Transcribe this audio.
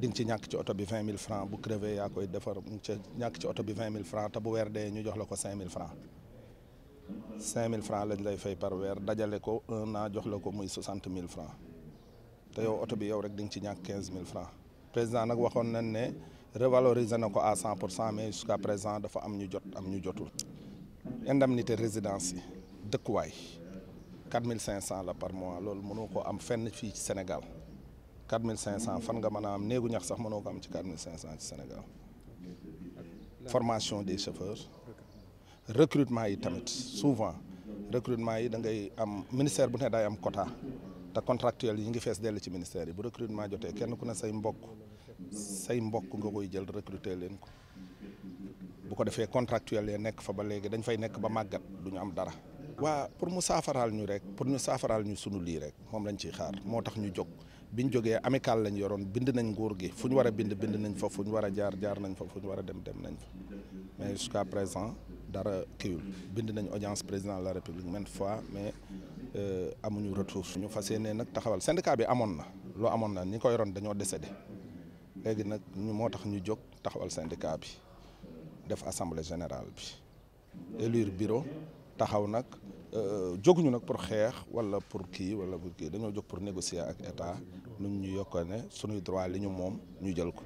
Si ñak ci auto bi 20 000 francs bu crevé ya koy 20 000 francs ta bu wér dé 5 000 francs 5 000 francs lañ lay fay par dajalé ko 60 000 francs te yow auto bi yow rek ñak 15 000 francs président nak waxon nañ né revaloriser à 100% mais jusqu'à présent dafa am ñu jot am ñu jotul indemnité résidence dekk 4 4500 la par mois ce que am fenn fi ci sénégal 4500 fan nga mën a am néegu ñax sax mënoo ko am ci 4500 ci Sénégal formation des chauffeurs recrutement yi tamit souvent recrutement yi dangay am ministère bu ne day am quota te contractuel yi ngi fees dell ci ministère yi bu recrutement jotee kenn ku ne say mbokk say mbokk nga koy jël recruter leen ko bu ko defee contractuel yi nekk fa ba léegi dañ fay nekk ba màggat du ñu am dara. waa pour mu saafaraal ñu rek pour ñu saafaraal ñu sunu lii rek moom lañ ciy xaar moo tax ñu jóg. biñ jógee amical lañ yoron bind nañ nguur gi fu wara bind bind nañ fa fu wara jaar jaar nañ fa fu wara dem dem nañ fa mais jusqu'à présent dara kiwul bind nañ audience président de la république maintes fois mais euh, amuñu retour ñu fassé yéene nag taxawal syndicat bi amon na lo amon na ñi ko yoron dañoo décédé légui nak ñu motax ñu jog taxawal syndicat bi def assemblée générale bi élire bureau taxaw nag euh, jóguñu nag pour xeex wala pour kii wala pour kii dañoo jóg pour négocier ak état nu ñu yokkoon ne sunuy droit li ñu moom ñu jël ko.